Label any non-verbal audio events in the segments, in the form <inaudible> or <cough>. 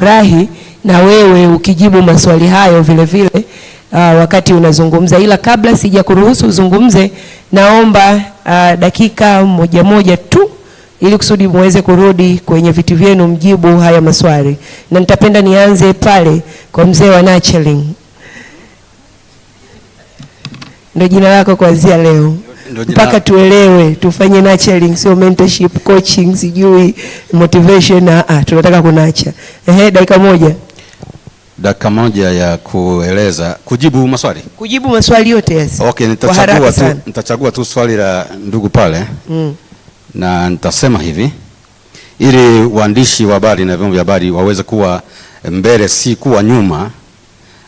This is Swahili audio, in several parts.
rahi na wewe ukijibu maswali hayo vile vile uh, wakati unazungumza. Ila kabla sija kuruhusu uzungumze, naomba uh, dakika moja moja tu ili kusudi muweze kurudi kwenye viti vyenu mjibu haya maswali, na nitapenda nianze pale kwa mzee wa Nacheling. Ndio jina lako kuanzia leo? mpaka tuelewe, tufanye nurturing, sio mentorship, coaching, sijui motivation. Ah, tunataka kunacha. Ehe, dakika moja dakika moja ya kueleza kujibu maswali kujibu maswali yote yes. Okay, nitachagua tu, nitachagua tu swali la ndugu pale mm. Na nitasema hivi ili waandishi wa habari na vyombo vya habari waweze kuwa mbele, si kuwa nyuma,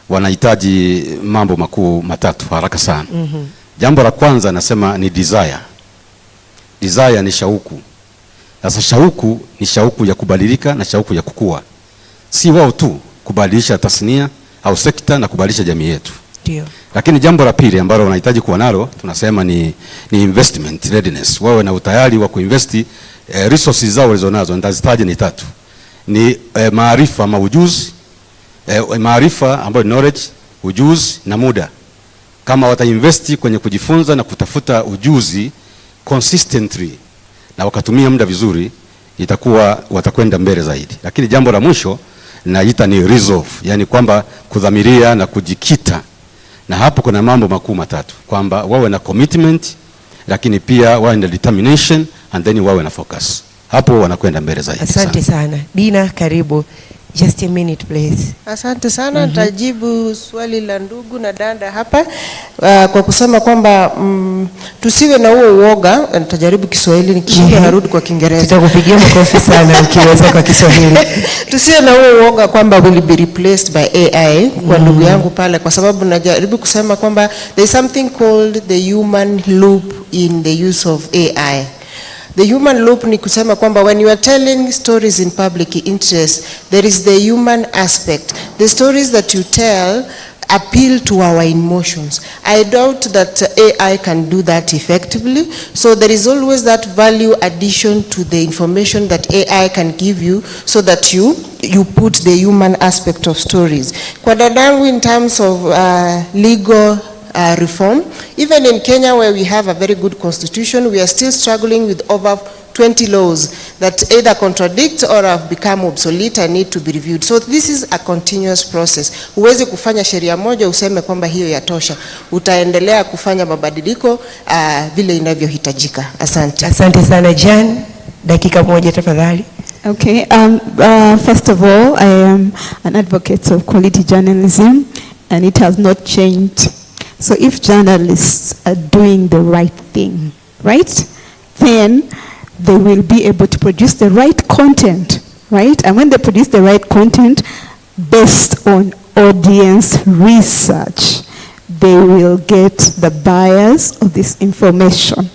wanahitaji mambo makuu matatu haraka sana mm -hmm. Jambo la kwanza nasema ni desire. Desire ni shauku. Sasa shauku ni shauku ya kubadilika na shauku ya kukua, si wao tu kubadilisha tasnia au sekta na kubadilisha jamii yetu. Ndio. Lakini jambo la pili ambalo unahitaji kuwa nalo tunasema ni, ni investment readiness. Wawe na utayari wa kuinvesti eh, resources zao walizonazo. Nitazitaja ni tatu, ni eh, maarifa maujuzi eh, maarifa ambayo knowledge, ujuzi na muda kama watainvesti kwenye kujifunza na kutafuta ujuzi consistently na wakatumia muda vizuri, itakuwa watakwenda mbele zaidi. Lakini jambo la mwisho naita ni resolve, yani kwamba kudhamiria na kujikita, na hapo kuna mambo makuu matatu, kwamba wawe na commitment, lakini pia wawe na determination and then wawe na focus. Hapo wanakwenda mbele zaidi. Asante sana, sana. Dina, karibu. Just a minute please. Asante sana mm -hmm. swali la ndugu na dada hapa uh, kwa kusema kwamba mm, tusiwe na huo uoga. Uh, nitajaribu Kiswahili nikishinda mm -hmm. narudi kwa Kiingereza. Tutakupigia makofi sana ukiweza kwa Kiswahili. <laughs> Tusiwe na huo uoga kwamba will be replaced by AI kwa mhm. ndugu mm -hmm. yangu pale, kwa sababu najaribu kusema kwamba there is something called the human loop in the use of AI The human loop ni kusema kwamba when you are telling stories in public interest there is the human aspect. The stories that you tell appeal to our emotions. I doubt that AI can do that effectively. So there is always that value addition to the information that AI can give you so that you you put the human aspect of stories. Kwa dadangu in terms of uh, legal uh, reform. Even in Kenya where we have a very good constitution, we are still struggling with over 20 laws that either contradict or have become obsolete and need to be reviewed. So this is a continuous process. Huwezi kufanya sheria moja useme kwamba hiyo yatosha. Utaendelea kufanya mabadiliko uh, vile inavyohitajika. Asante. Asante sana Jan. Dakika moja tafadhali. Okay, um, uh, first of all, I am an advocate of quality journalism and it has not changed. So if journalists are doing the right thing, right, then they will be able to produce the right content, right? And when they produce the right content based on audience research, they will get the bias of this information.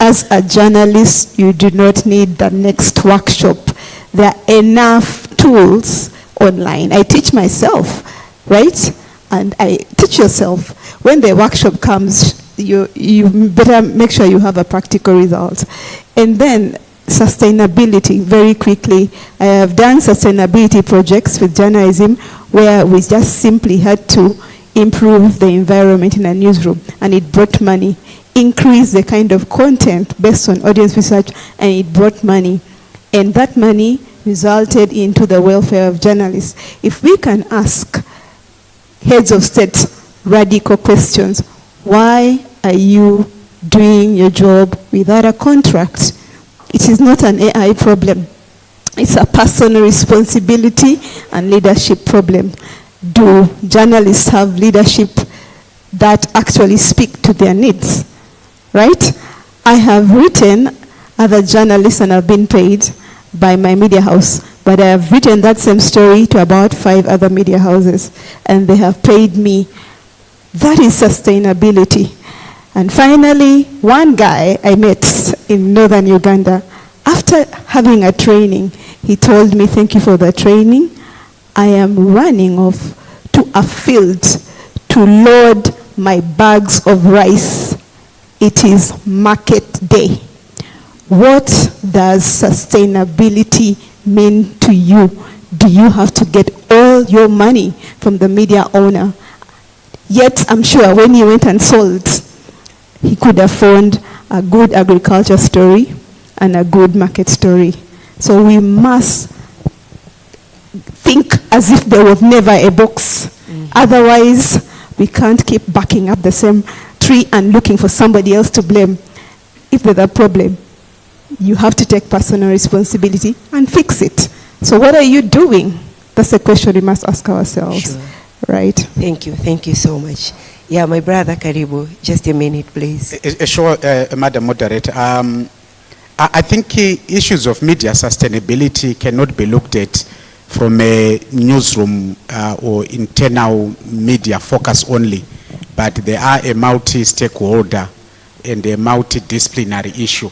As a journalist, you do not need the next workshop. There are enough tools online. I teach myself, right? and I teach yourself. When the workshop comes, you, you better make sure you have a practical result. And then sustainability, very quickly. I have done sustainability projects with journalism where we just simply had to improve the environment in a newsroom and it brought money, increase the kind of content based on audience research and it brought money. And that money resulted into the welfare of journalists. If we can ask heads of state radical questions. Why are you doing your job without a contract? It is not an AI problem. It's a personal responsibility and leadership problem. Do journalists have leadership that actually speak to their needs? Right? I have written other journalists and I've been paid by my media house but I have written that same story to about five other media houses, and they have paid me. That is sustainability. And finally, one guy I met in northern Uganda, after having a training, he told me, Thank you for the training. I am running off to a field to load my bags of rice. It is market day. What does sustainability mean to you? Do you have to get all your money from the media owner? Yet, I'm sure when he went and sold, he could have found a good agriculture story and a good market story. So we must think as if there was never a box. Mm-hmm. Otherwise, we can't keep backing up the same tree and looking for somebody else to blame if there's a problem you have to take personal responsibility and fix it. So, what are you doing? That's a question we must ask ourselves. Sure. Right. Thank you. Thank you so much. Yeah, my brother Karibu, just a minute, please. Uh, sure, uh, Madam Moderator. Um, I, I think issues of media sustainability cannot be looked at from a newsroom uh, or internal media focus only, but they are a multi stakeholder and a multidisciplinary issue.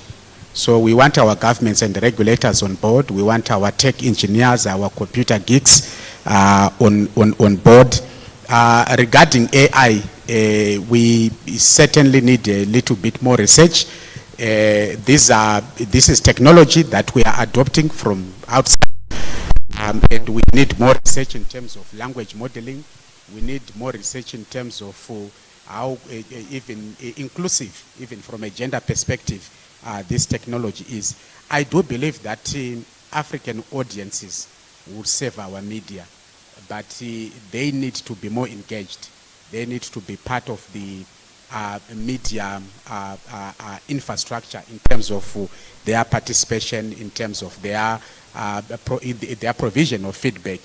So we want our governments and the regulators on board. We want our tech engineers, our computer geeks uh, on, on, on board. Uh, regarding AI, uh, we certainly need a little bit more research. Uh, these are, this is technology that we are adopting from outside. Um, and we need more research in terms of language modeling. We need more research in terms of uh, how uh, uh, even inclusive, even from a gender perspective, uh, this technology is. I do believe that uh, African audiences will save our media, but uh, they need to be more engaged. They need to be part of the uh, media uh, uh, uh infrastructure in terms of their participation, in terms of their, pro their provision of feedback.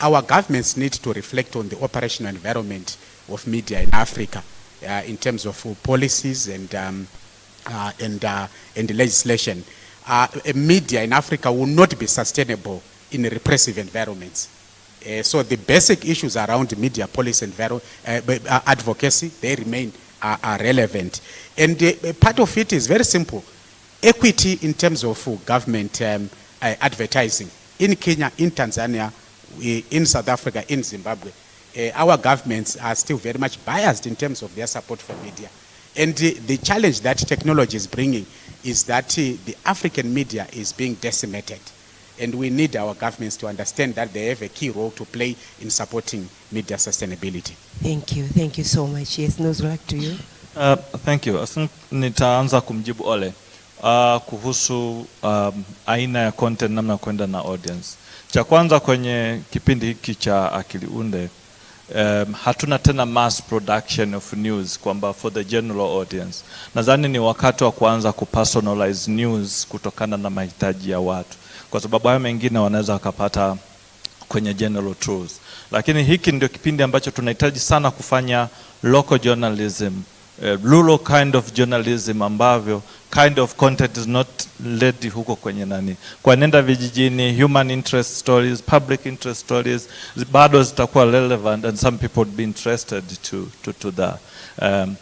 our governments need to reflect on the operational environment of media in Africa in terms of policies and um, uh, and, uh, and legislation. Uh, media in Africa will not be sustainable in repressive environments. Uh, so the basic issues around media policy and uh, advocacy, they remain uh, are relevant. And uh, part of it is very simple. Equity in terms of uh, government um, uh, advertising. In Kenya, in Tanzania, we, in South Africa, in Zimbabwe, uh, our governments are still very much biased in terms of their support for media. And the, the challenge that technology is bringing is that uh, the African media is being decimated. And we need our governments to understand that they have a key role to play in supporting media sustainability. Thank you. Thank you so much. Yes, Nuzra, to you. Uh, thank you. Nitaanza kumjibu Ole uh, kuhusu um, aina ya content namna kwenda na audience. Cha kwanza kwenye kipindi hiki cha Akili Unde um, hatuna tena mass production of news kwamba for the general audience. Nadhani ni wakati wa kuanza kupersonalize news kutokana na mahitaji ya watu, kwa sababu hayo mengine wanaweza wakapata kwenye general truth, lakini hiki ndio kipindi ambacho tunahitaji sana kufanya local journalism rural eh, kind of journalism ambavyo kind of content is not led huko kwenye nani kwa nenda vijijini, human interest stories, public interest stories bado zitakuwa relevant and some people would be interested to, to, to that um,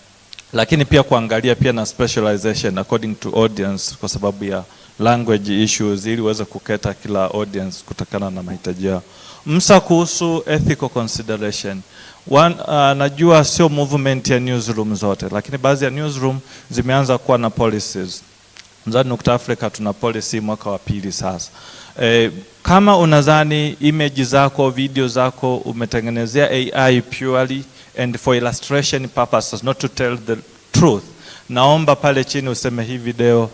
lakini pia kuangalia pia na specialization according to audience kwa sababu ya language issues ili uweze kuketa kila audience kutokana na mahitaji yao. Msa kuhusu ethical consideration. One, uh, ah, najua sio movement ya newsroom zote, lakini baadhi ya newsroom zimeanza kuwa na policies. Mzani Nukta Afrika tuna policy mwaka wa pili sasa. E, kama unadhani image zako video zako umetengenezea AI purely and for illustration purposes not to tell the truth, naomba pale chini useme hii video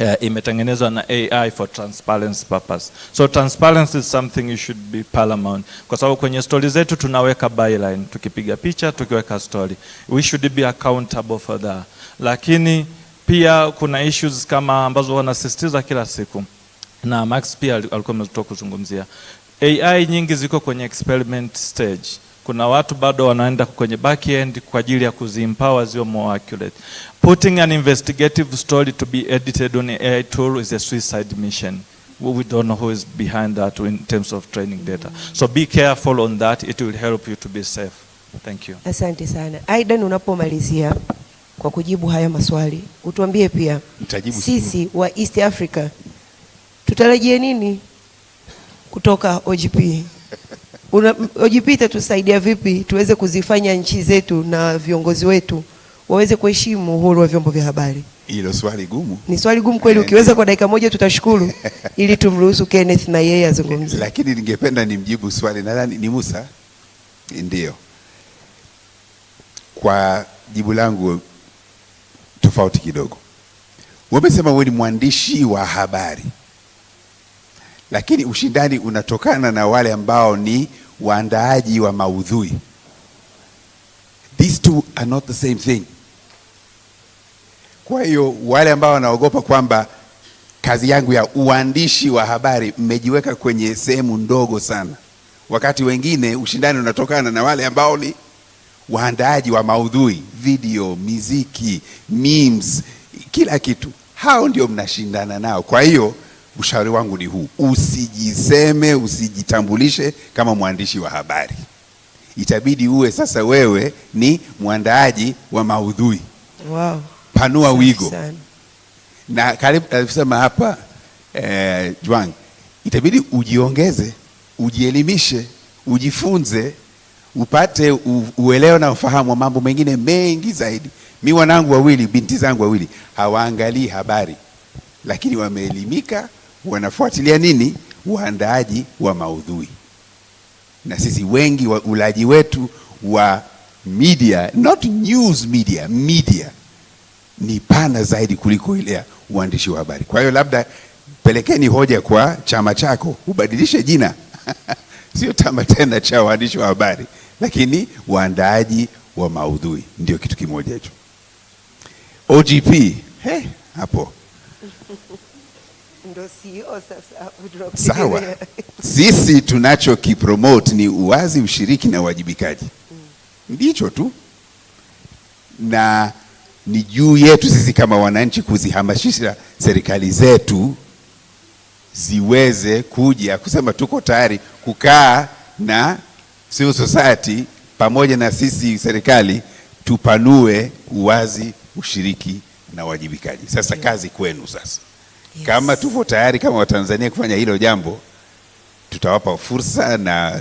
Uh, imetengenezwa na AI for transparency purpose. So transparency is something you should be paramount, kwa sababu kwenye story zetu tunaweka byline, tukipiga picha tukiweka story, we should be accountable for that. Lakini pia kuna issues kama ambazo wanasisitiza kila siku, na Max pia alikuwa ametoka kuzungumzia AI nyingi ziko kwenye experiment stage kuna watu bado wanaenda kwenye back end kwa ajili ya kuzimpawa ziwe more accurate. Putting an investigative story to be edited on AI tool is a suicide mission. We don't know who is behind that in terms of training data. So be careful on that. It will help you to be safe. Thank you. Asante sana. Aidan, unapomalizia kwa kujibu haya maswali utuambie pia Nitajibu sisi wa East Africa tutarajie nini kutoka OGP? <laughs> Ojipita tusaidia vipi tuweze kuzifanya nchi zetu na viongozi wetu waweze kuheshimu uhuru wa vyombo vya habari? Hilo swali gumu, ni swali gumu kweli. Eh. Ukiweza kwa dakika moja tutashukuru, <laughs> ili tumruhusu Kenneth na yeye azungumze, lakini ningependa nimjibu swali, nadhani ni Musa Ndio, Kwa jibu langu tofauti kidogo. Umesema wewe ni mwandishi wa habari, lakini ushindani unatokana na wale ambao ni waandaaji wa maudhui. These two are not the same thing. Kwa hiyo wale ambao wanaogopa kwamba kazi yangu ya uandishi wa habari, mmejiweka kwenye sehemu ndogo sana, wakati wengine ushindani unatokana na wale ambao ni waandaaji wa maudhui, video, miziki, memes, kila kitu. Hao ndio mnashindana nao, kwa hiyo ushauri wangu ni huu, usijiseme, usijitambulishe kama mwandishi wa habari. Itabidi uwe sasa wewe ni mwandaaji wa maudhui. Wow. Panua wigo na karibu alisema eh, hapa eh, Jwang, itabidi ujiongeze, ujielimishe, ujifunze, upate uelewa na ufahamu wa mambo mengine mengi zaidi. Mi wanangu wawili, binti zangu wawili hawaangalii habari, lakini wameelimika wanafuatilia nini? Waandaaji wa maudhui. Na sisi wengi wa ulaji wetu wa media, not news media, media ni pana zaidi kuliko ile ya uandishi wa habari. Kwa hiyo labda pelekeni hoja kwa chama chako ubadilishe jina <laughs> sio chama tena cha waandishi wa habari, lakini waandaaji wa maudhui, ndio kitu kimoja hicho. OGP, hey, hapo <laughs> E Sawa, sisi tunacho kipromote ni uwazi, ushiriki na uwajibikaji mm. Ndicho tu, na ni juu yetu sisi kama wananchi kuzihamasisha serikali zetu ziweze kuja kusema tuko tayari kukaa na civil society pamoja na sisi serikali tupanue uwazi, ushiriki na uwajibikaji. Sasa kazi kwenu sasa. Kama tupo tayari kama Watanzania kufanya hilo jambo, tutawapa fursa na